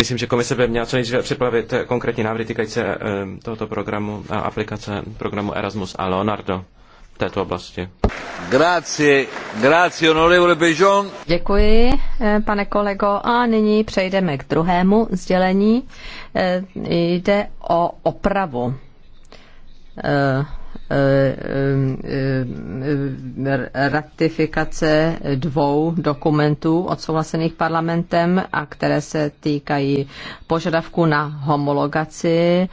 Myslím, že komise by měla co nejdříve připravit konkrétní návrhy týkající se eh, tohoto programu a aplikace programu Erasmus a Leonardo v této oblasti. Grazie, grazie, onorevole Bejon. Děkuji, eh, pane kolego. A nyní přejdeme k druhému sdělení. Eh, jde o opravu Eh, eh, eh, ratifikace dvou dokumentů odsouhlasených parlamentem a které se týkají požadavku na homologaci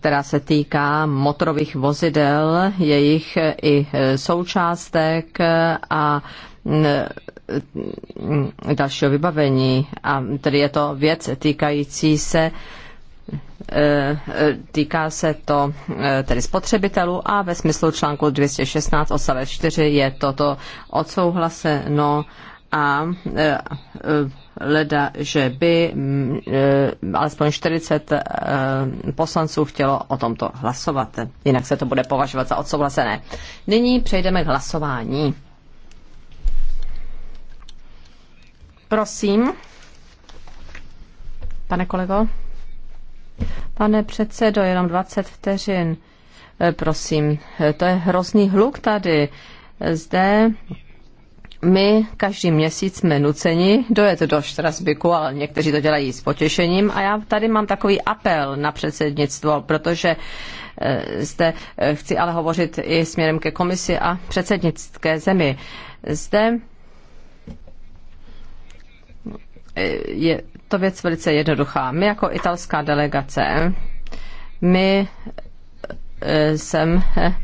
která se týká motorových vozidel, jejich i součástek a mm, dalšího vybavení. A tedy je to věc týkající se Eh, eh, týká se to eh, tedy spotřebitelů a ve smyslu článku 216 odstavec 4 je toto odsouhlaseno a leda, že by mm, alespoň 40 poslanců chtělo o tomto hlasovat. Jinak se to bude považovat za odsouhlasené. Nyní přejdeme k hlasování. Prosím, pane kolego. Pane předsedo, jenom 20 vteřin. Eh, prosím, eh, to je hrozný hluk tady. Zde my každý měsíc jsme nuceni dojet do Štrasbyku, ale někteří to dělají s potěšením. A já tady mám takový apel na předsednictvo, protože eh, zde chci ale hovořit i směrem ke komisi a předsednické zemi. Zde je to věc velice jednoduchá. My jako italská delegace, my eh, jsem eh,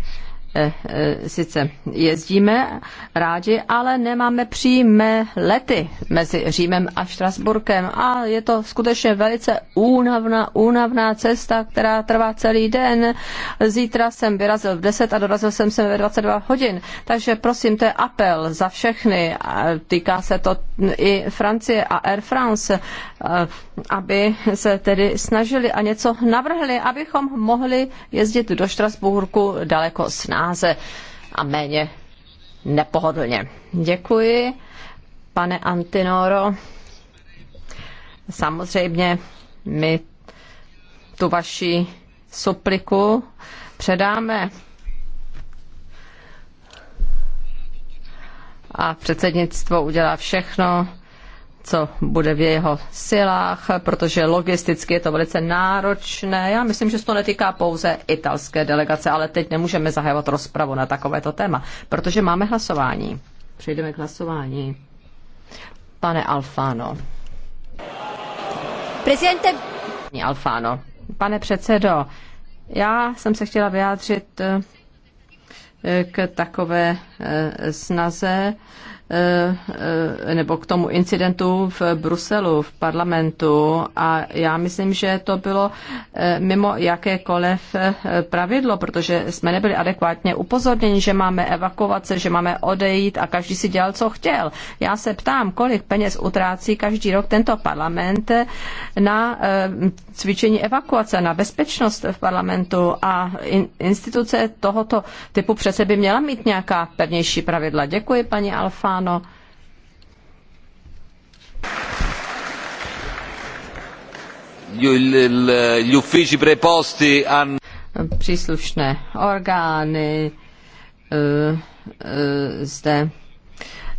Eh, eh, sice jezdíme rádi, ale nemáme přímé lety mezi Římem a Štrasburkem a je to skutečně velice únavná, únavná cesta, která trvá celý den. Zítra jsem vyrazil v 10 a dorazil jsem se ve 22 hodin, takže prosím, to je apel za všechny, týká se to i Francie a Air France, eh, aby se tedy snažili a něco navrhli, abychom mohli jezdit do Štrasburku daleko s námi snáze a méně nepohodlně. Děkuji, pane Antinoro. Samozřejmě my tu vaši supliku předáme a předsednictvo udělá všechno, co bude v jeho silách, protože logisticky je to velice náročné. Já myslím, že se to netýká pouze italské delegace, ale teď nemůžeme zahajovat rozpravu na takovéto téma, protože máme hlasování. Přejdeme k hlasování. Pane Alfano. Prezidente... Alfano. Pane předsedo, já jsem se chtěla vyjádřit eh, k takové Eh, snaze eh, eh, nebo k tomu incidentu v Bruselu, v parlamentu a já myslím, že to bylo mimo jakékoliv pravidlo, protože jsme nebyli adekvátně upozorněni, že máme evakuace, že máme odejít a každý si dělal, co chtěl. Já se ptám, kolik peněz utrácí každý rok tento parlament na cvičení evakuace, na bezpečnost v parlamentu a instituce tohoto typu přece by měla mít nějaká pevná důkladnější pravidla. Děkuji, paní Alfáno. Gli uffici preposti hanno příslušné orgány eh, eh, zde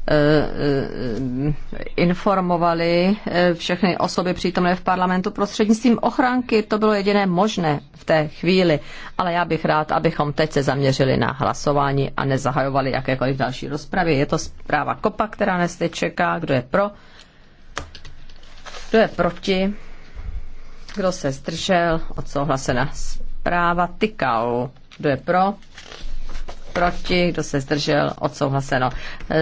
Eh, eh, informovali eh, všechny osoby přítomné v parlamentu prostřednictvím ochranky. To bylo jediné možné v té chvíli. Ale já bych rád, abychom teď se zaměřili na hlasování a nezahajovali jakékoliv další rozpravy. Je to zpráva kopa, která nás teď čeká. Kdo je pro? Kdo je proti? Kdo se zdržel? Odsouhlasena zpráva tykal? Kdo je pro? proti, kdo se zdržel, odsouhlaseno.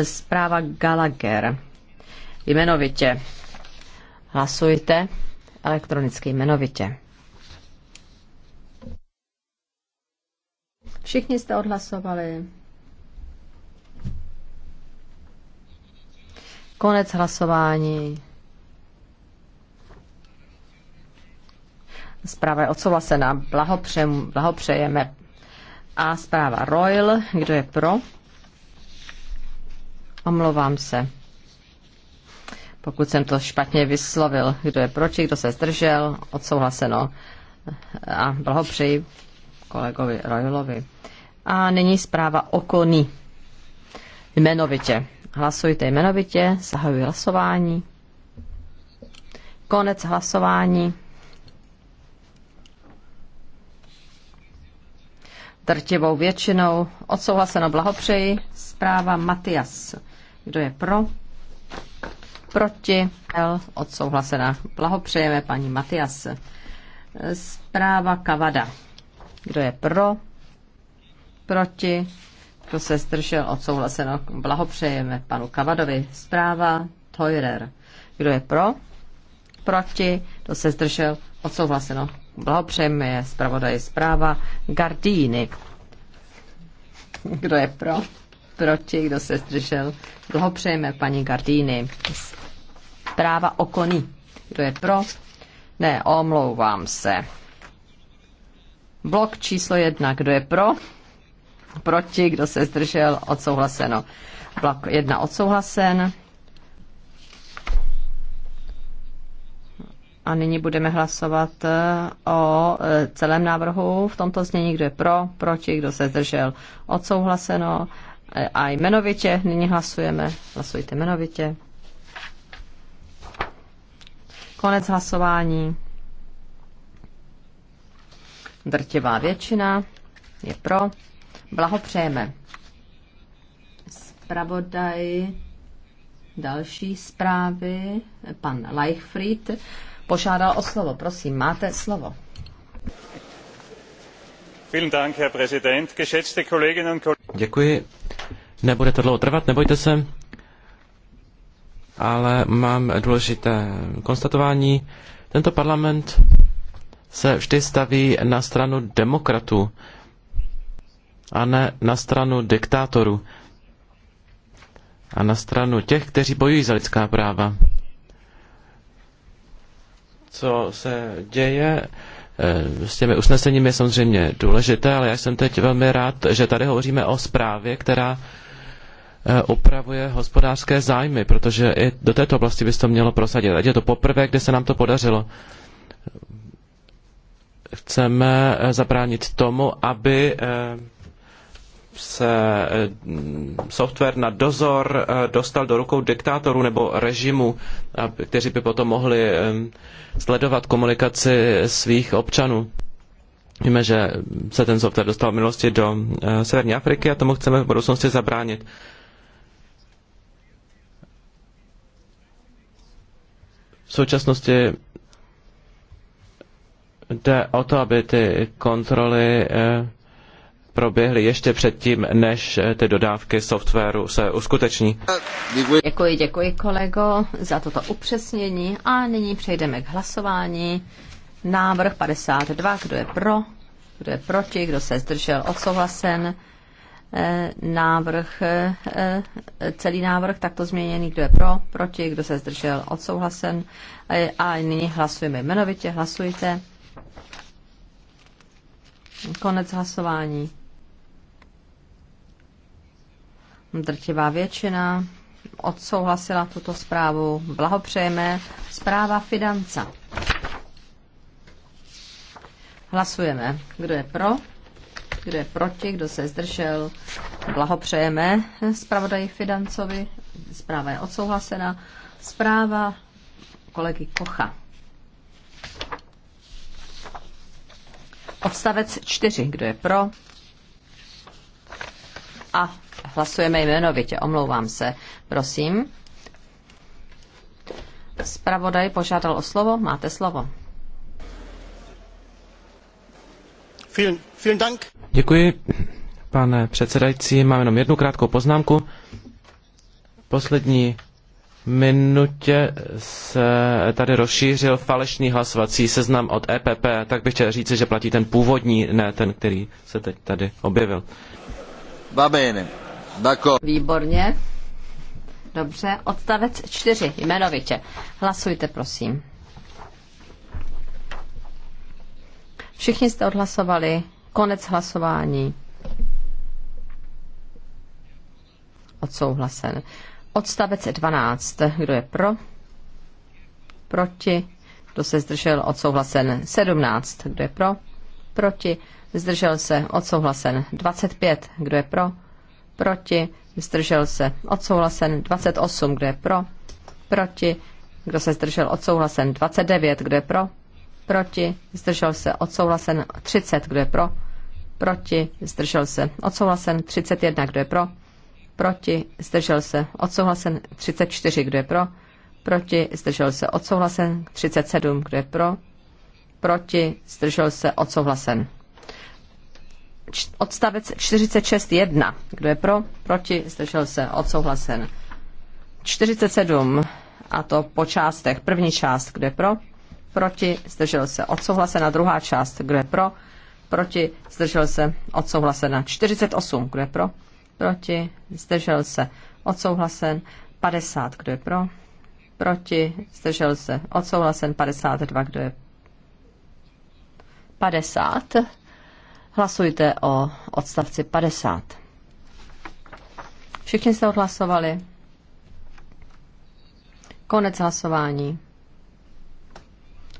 Zpráva Gallagher. Jmenovitě. Hlasujte elektronicky jmenovitě. Všichni jste odhlasovali. Konec hlasování. Zpráva je odsouhlasená. Blahopřejeme a zpráva Royal, kdo je pro? Omlouvám se. Pokud jsem to špatně vyslovil, kdo je proti, kdo se zdržel, odsouhlaseno. A blahopřeji kolegovi Royalovi. A nyní zpráva Okony. Jmenovitě. Hlasujte jmenovitě, zahajuji hlasování. Konec hlasování. drtivou většinou. Odsouhlaseno blahopřeji. Zpráva Matias. Kdo je pro? Proti? L. Odsouhlasena. Blahopřejeme paní Matias. Zpráva Kavada. Kdo je pro? Proti? Kdo se zdržel? Odsouhlaseno. Blahopřejeme panu Kavadovi. Zpráva Teurer. Kdo je pro? Proti? Kdo se zdržel? Odsouhlaseno. Blahopřejeme je zpravodaj zpráva Gardíny. Kdo je pro? Proti, kdo se zdržel? Blahopřejeme paní Gardíny. Zpráva Okony. Kdo je pro? Ne, omlouvám se. Blok číslo jedna. Kdo je pro? Proti, kdo se zdržel? Odsouhlaseno. Blok jedna odsouhlasen. A nyní budeme hlasovat eh, o eh, celém návrhu v tomto znění, kdo je pro, proti, kdo se zdržel, odsouhlaseno. Eh, a jmenovitě nyní hlasujeme. Hlasujte jmenovitě. Konec hlasování. Drtivá většina je pro. Blahopřejeme. Zpravodaj další zprávy, pan Leichfried požádal o slovo. Prosím, máte slovo. Děkuji. Nebude to dlouho trvat, nebojte se. Ale mám důležité konstatování. Tento parlament se vždy staví na stranu demokratů a ne na stranu diktátorů a na stranu těch, kteří bojují za lidská práva co se děje eh, s těmi usneseními je samozřejmě důležité, ale já jsem teď velmi rád, že tady hovoříme o zprávě, která eh, upravuje hospodářské zájmy, protože i do této oblasti by se to mělo prosadit. Ať je to poprvé, kde se nám to podařilo. Chceme eh, zabránit tomu, aby se eh, software na dozor eh, dostal do rukou diktátorů nebo režimu, kteří by potom mohli eh, sledovat komunikaci svých občanů. Víme, že se ten software dostal v minulosti do Severní Afriky a tomu chceme v budoucnosti zabránit. V současnosti jde o to, aby ty kontroly proběhly ještě předtím, než eh, ty dodávky softwaru se uskuteční. Děkuji, děkuji kolego za toto upřesnění a nyní přejdeme k hlasování. Návrh 52, kdo je pro, kdo je proti, kdo se zdržel, odsouhlasen. Eh, návrh, eh, celý návrh takto změněný, kdo je pro, proti, kdo se zdržel, odsouhlasen. A nyní hlasujeme jmenovitě, hlasujte. Konec hlasování. drtivá většina odsouhlasila tuto zprávu. Blahopřejeme. Zpráva Fidanca. Hlasujeme. Kdo je pro? Kdo je proti? Kdo se zdržel? Blahopřejeme zpravodaji Fidancovi. Zpráva je odsouhlasena. Zpráva kolegy Kocha. Odstavec 4. Kdo je pro? a hlasujeme jmenovitě. Omlouvám se. Prosím. Spravodaj požádal o slovo. Máte slovo. Vielen, vielen Dank. Děkuji, pane předsedající. Mám jenom jednu krátkou poznámku. Poslední minutě se tady rozšířil falešný hlasovací seznam od EPP, tak bych chtěl říci, že platí ten původní, ne ten, který se teď tady objevil. Va bene. Výborně. Dobře, odstavec čtyři, jmenovitě. Hlasujte, prosím. Všichni jste odhlasovali. Konec hlasování. Odsouhlasen. Odstavec 12. Kdo je pro? Proti. Kdo se zdržel? Odsouhlasen. 17. Kdo je pro? Proti zdržel se, odsouhlasen 25, kdo je pro, proti, zdržel se, odsouhlasen 28, kdo je pro, proti, kdo se zdržel, odsouhlasen 29, kdo je pro, proti, zdržel se, odsouhlasen 30, kdo je pro, proti, zdržel se, odsouhlasen 31, kdo je pro, proti, zdržel se, odsouhlasen 34, kdo je pro, proti, zdržel se, odsouhlasen 37, kdo je pro, proti, zdržel se, odsouhlasen odstavec 46.1. Kdo je pro? Proti? Zdržel se? Odsouhlasen. 47. A to po částech. První část. Kdo je pro? Proti? Zdržel se? Odsouhlasena. Druhá část. Kdo je pro? Proti? Zdržel se? Odsouhlasena. 48. Kdo je pro? Proti? Zdržel se? Odsouhlasen. 50. Kdo je pro? Proti? Zdržel se? Odsouhlasen. 52. Kdo je 50? Hlasujte o odstavci 50. Všichni jste odhlasovali. Konec hlasování.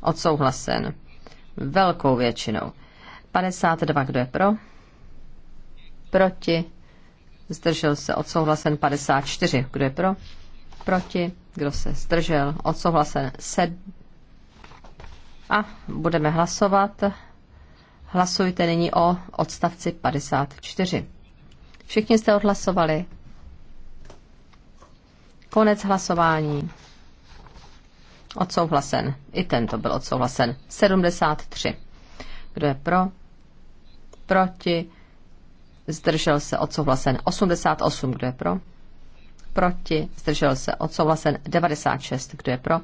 Odsouhlasen. Velkou většinou. 52, kdo je pro? Proti. Zdržel se. Odsouhlasen 54. Kdo je pro? Proti. Kdo se zdržel? Odsouhlasen 7. A budeme hlasovat Hlasujte nyní o odstavci 54. Všichni jste odhlasovali. Konec hlasování. Odsouhlasen. I tento byl odsouhlasen. 73. Kdo je pro? Proti? Zdržel se odsouhlasen. 88. Kdo je pro? Proti? Zdržel se odsouhlasen. 96. Kdo je pro?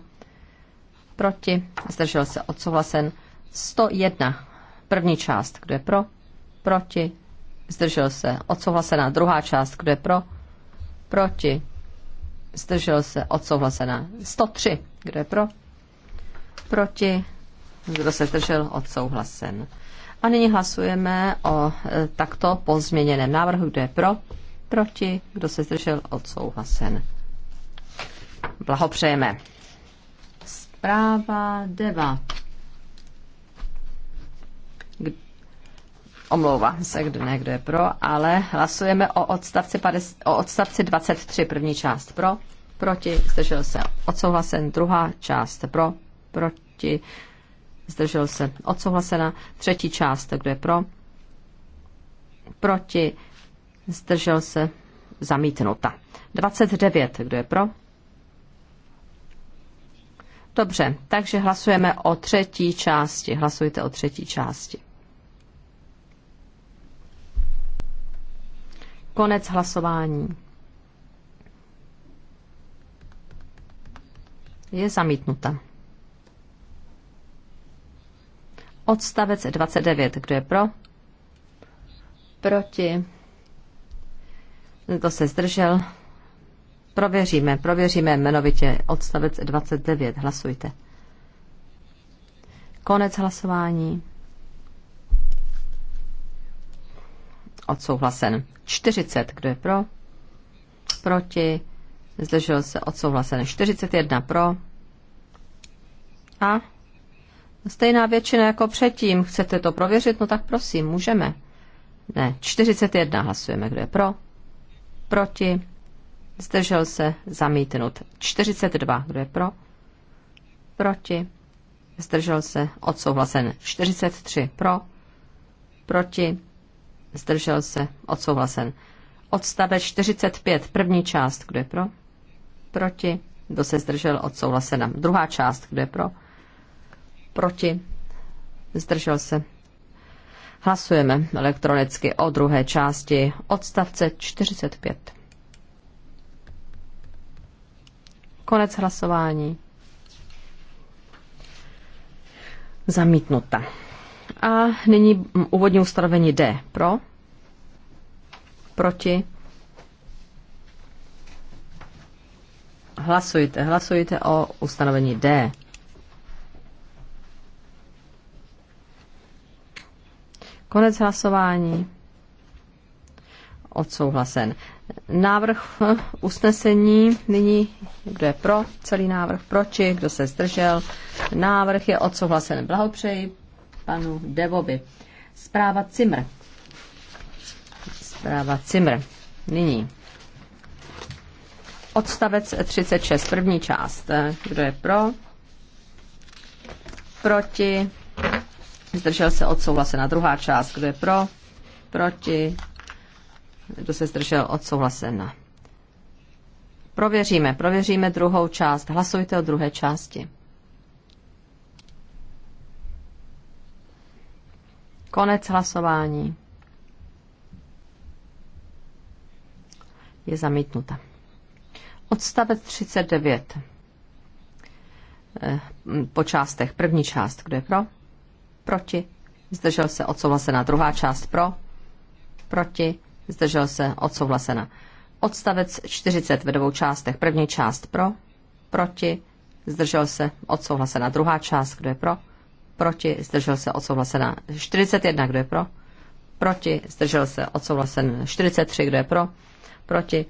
Proti? Zdržel se odsouhlasen. 101 První část, kdo je pro, proti, zdržel se, odsouhlasená. Druhá část, kdo je pro, proti, zdržel se, odsouhlasená. 103, kdo je pro, proti, kdo se zdržel, odsouhlasen. A nyní hlasujeme o e, takto pozměněném návrhu, kdo je pro, proti, kdo se zdržel, odsouhlasen. Blahopřejeme. Zpráva 9 omlouvám se, kdo ne, kdo je pro, ale hlasujeme o odstavci, 50, o odstavci 23, první část pro, proti, zdržel se, odsouhlasen, druhá část pro, proti, zdržel se, odsouhlasena, třetí část, kdo je pro, proti, zdržel se, zamítnuta. 29, kdo je pro? Dobře, takže hlasujeme o třetí části. Hlasujte o třetí části. Konec hlasování. Je zamítnuta. Odstavec 29. Kdo je pro? Proti? Kdo se zdržel? Prověříme, prověříme jmenovitě odstavec 29. Hlasujte. Konec hlasování. odsouhlasen. 40, kdo je pro? Proti, zdržel se, odsouhlasen. 41 pro. A stejná většina jako předtím. Chcete to prověřit? No tak prosím, můžeme. Ne, 41 hlasujeme, kdo je pro? Proti, zdržel se, zamítnut. 42, kdo je pro? Proti, zdržel se, odsouhlasen. 43 pro, proti, zdržel se, odsouhlasen. Odstavec 45, první část, kdo je pro? Proti, kdo se zdržel, Odsouhlasen. Druhá část, kdo je pro? Proti, zdržel se. Hlasujeme elektronicky o druhé části odstavce 45. Konec hlasování. Zamítnuta. A nyní úvodní ustanovení D. Pro? Proti? Hlasujte, hlasujte o ustanovení D. Konec hlasování. Odsouhlasen. Návrh usnesení nyní, kdo je pro celý návrh, proti, kdo se zdržel. Návrh je odsouhlasen. Blahopřeji panu Devovi. Zpráva Cimr. Zpráva Cimr. Nyní. Odstavec 36, první část. Kdo je pro? Proti? Zdržel se odsouhlasena. Druhá část. Kdo je pro? Proti? Kdo se zdržel odsouhlasena? Prověříme, prověříme druhou část. Hlasujte o druhé části. Konec hlasování. Je zamítnuta. Odstavec 39. Eh, po částech. První část. Kdo je pro? Proti. Zdržel se odsouhlasena. Druhá část pro. Proti. Zdržel se odsouhlasena. Odstavec 40 ve dvou částech. První část pro. Proti. Zdržel se odsouhlasena. Druhá část. Kdo je pro? proti, zdržel se, odsouhlasená. 41, kdo je pro, proti, zdržel se, odsouhlasen. 43, kdo je pro, proti,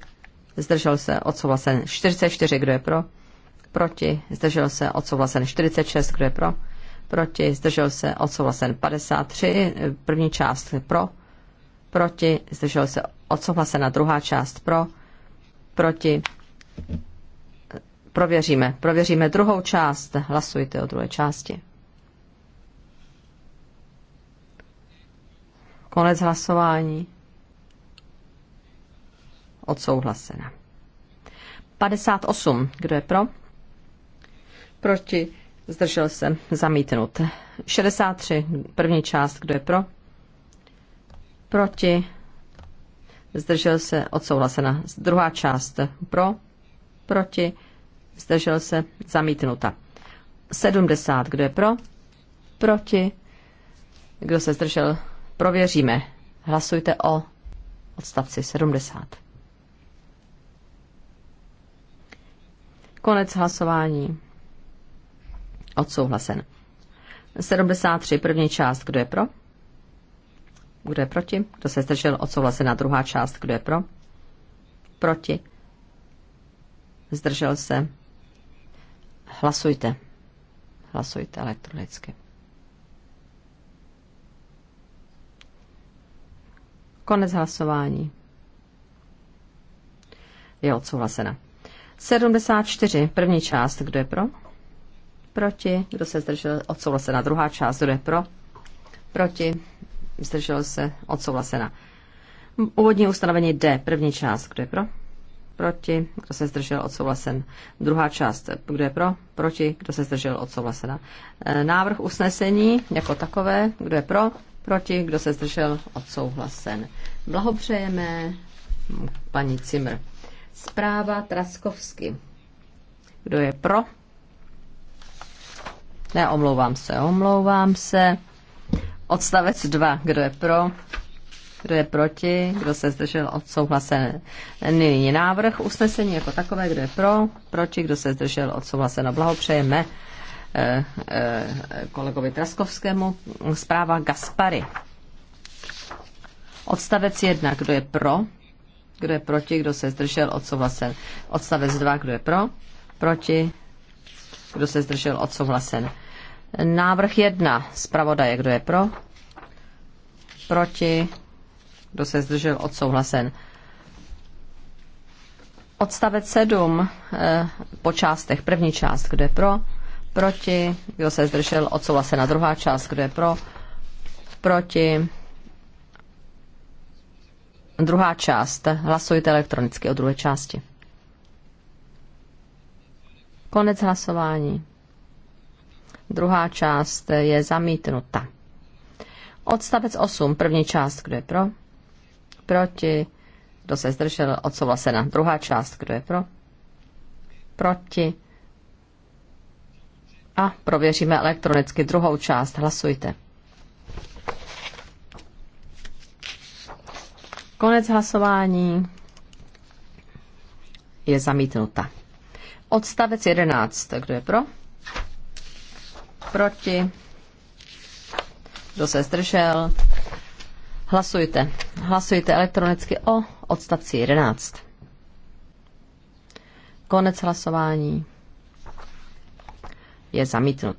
zdržel se, odsouhlasen. 44, kdo je pro, proti, zdržel se, odsouhlasen. 46, kdo je pro, proti, zdržel se, odsouhlasen. 53, první část pro, proti, zdržel se, odsouhlasena. Druhá část pro, proti, prověříme. Prověříme druhou část. Hlasujte o druhé části. Konec hlasování. Odsouhlasena. 58. Kdo je pro? Proti. Zdržel se. Zamítnut. 63. První část. Kdo je pro? Proti. Zdržel se. Odsouhlasena. Druhá část. Pro. Proti. Zdržel se. Zamítnuta. 70. Kdo je pro? Proti. Kdo se zdržel? Prověříme. Hlasujte o odstavci 70. Konec hlasování. Odsouhlasen. 73. První část. Kdo je pro? Kdo je proti? Kdo se zdržel? Odsouhlasená druhá část. Kdo je pro? Proti? Zdržel se? Hlasujte. Hlasujte elektronicky. Konec hlasování. Je odsouhlasena. 74. První část. Kdo je pro? Proti. Kdo se zdržel? Odsouhlasena. Druhá část. Kdo je pro? Proti. Zdržel se? Odsouhlasena. Úvodní ustanovení D. První část. Kdo je pro? Proti. Kdo se zdržel? Odsouhlasen. Druhá část. Kdo je pro? Proti. Kdo se zdržel? Odsouhlasena. E, návrh usnesení jako takové. Kdo je pro? proti, kdo se zdržel, odsouhlasen. Blahopřejeme paní Cimr. Zpráva Traskovsky. Kdo je pro? Ne, omlouvám se, omlouvám se. Odstavec 2. Kdo je pro? Kdo je proti? Kdo se zdržel? Odsouhlasen. Nyní návrh usnesení jako takové. Kdo je pro? Proti? Kdo se zdržel? Odsouhlaseno. Blahopřejeme Eh, eh, kolegovi Traskovskému. Zpráva Gaspary. Odstavec jedna, Kdo je pro? Kdo je proti? Kdo se zdržel? Odsouhlasen. Odstavec dva, Kdo je pro? Proti? Kdo se zdržel? Odsouhlasen. Návrh jedna, Zpravodaje. Kdo je pro? Proti? Kdo se zdržel? Odsouhlasen. Odstavec sedm eh, Po částech. První část. Kdo je pro? proti, kdo se zdržel, na druhá část, kdo je pro, proti, druhá část, hlasujte elektronicky o druhé části. Konec hlasování. Druhá část je zamítnuta. Odstavec 8, první část, kdo je pro, proti, kdo se zdržel, na Druhá část, kdo je pro, proti, a prověříme elektronicky druhou část. Hlasujte. Konec hlasování je zamítnuta. Odstavec 11. Kdo je pro? Proti? Kdo se zdržel? Hlasujte. Hlasujte elektronicky o odstavci 11. Konec hlasování je zamítnut.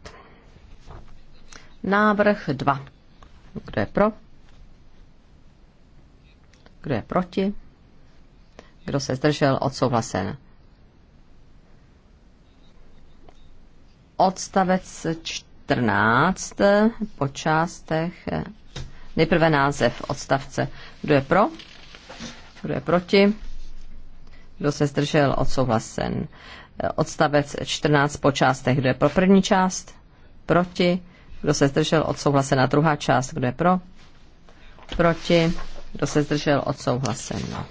Návrh 2. Kdo je pro? Kdo je proti? Kdo se zdržel? Odsouhlasen. Odstavec 14 po částech. Nejprve název odstavce. Kdo je pro? Kdo je proti? Kdo se zdržel? Odsouhlasen odstavec 14 po částech. Kdo je pro první část? Proti. Kdo se zdržel? Odsouhlasena druhá část. Kdo je pro? Proti. Kdo se zdržel? Odsouhlaseno.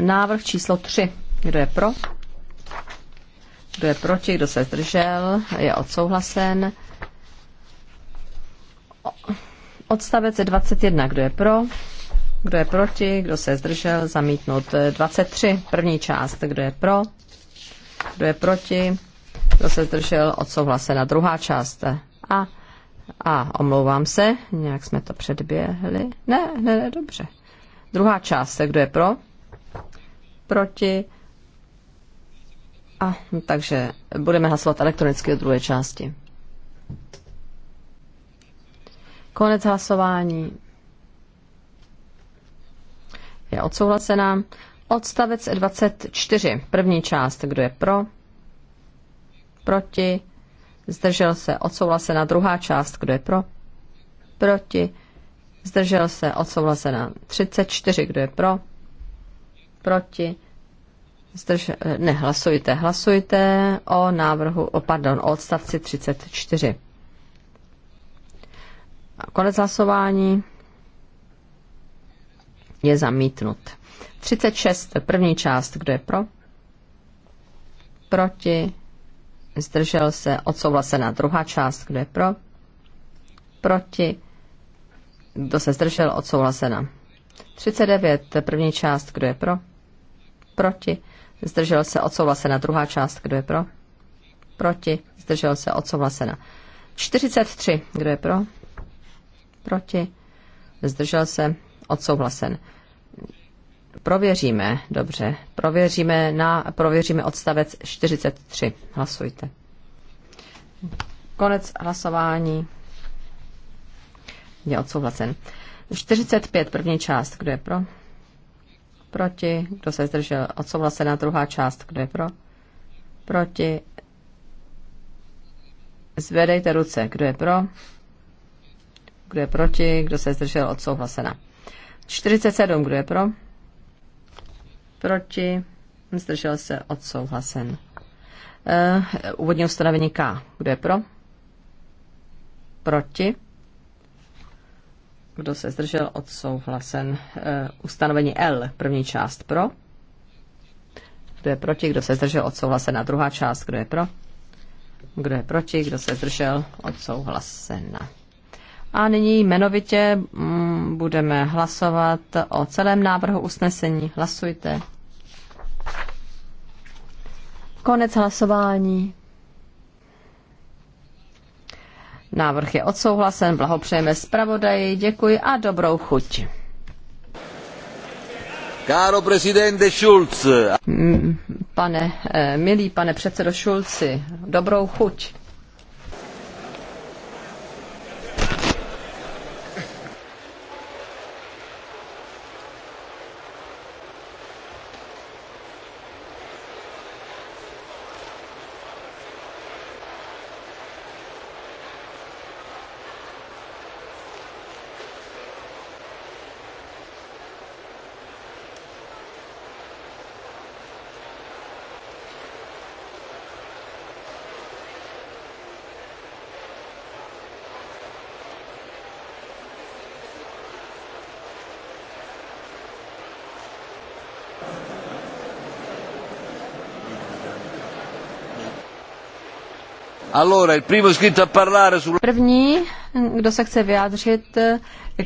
Návrh číslo 3. Kdo je pro? Kdo je proti? Kdo se zdržel? Je odsouhlasen. Odstavec 21. Kdo je pro? kdo je proti, kdo se zdržel, zamítnut. 23, první část, kdo je pro, kdo je proti, kdo se zdržel, odsouhlasena druhá část. A, a omlouvám se, nějak jsme to předběhli. Ne, ne, ne, dobře. Druhá část, kdo je pro, proti, a, takže budeme hlasovat elektronicky o druhé části. Konec hlasování je odsouhlasená. Odstavec 24, první část, kdo je pro, proti, zdržel se, odsouhlasená. Druhá část, kdo je pro, proti, zdržel se, odsouhlasená. 34, kdo je pro, proti, zdržel, ne, hlasujte, hlasujte o návrhu, o, pardon, o odstavci 34. Konec hlasování je zamítnut. 36. První část, kdo je pro? Proti? Zdržel se? Odsouhlasená druhá část, kdo je pro? Proti? Kdo se zdržel? Odsouhlasena. 39. První část, kdo je pro? Proti? Zdržel se? Odsouhlasena. Druhá část, kdo je pro? Proti? Zdržel se? Odsouhlasena. 43. Kdo je pro? Proti? Zdržel se? odsouhlasen. Prověříme, dobře. Prověříme, na, prověříme odstavec 43. Hlasujte. Konec hlasování. Je odsouhlasen. 45, první část. Kdo je pro? Proti. Kdo se zdržel? Odsouhlasená druhá část. Kdo je pro? Proti. Zvedejte ruce. Kdo je pro? Kdo je proti? Kdo se zdržel? Odsouhlasená. 47, kdo je pro? Proti? Zdržel se odsouhlasen. Uh, úvodní ustanovení K. Kdo je pro? Proti? Kdo se zdržel? Odsouhlasen. Uh, ustanovení L. První část pro. Kdo je proti? Kdo se zdržel? A Druhá část. Kdo je pro? Kdo je proti? Kdo se zdržel? odsouhlasen? A nyní jmenovitě mm, budeme hlasovat o celém návrhu usnesení. Hlasujte. Konec hlasování. Návrh je odsouhlasen, blahopřejeme zpravodaji, děkuji a dobrou chuť. Káro prezidente Schulz. Mm, pane, eh, milý pane předsedo Schulzi, dobrou chuť. První, kdo se chce vyjádřit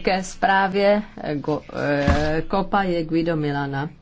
ke zprávě Kopa eh, je Guido Milana.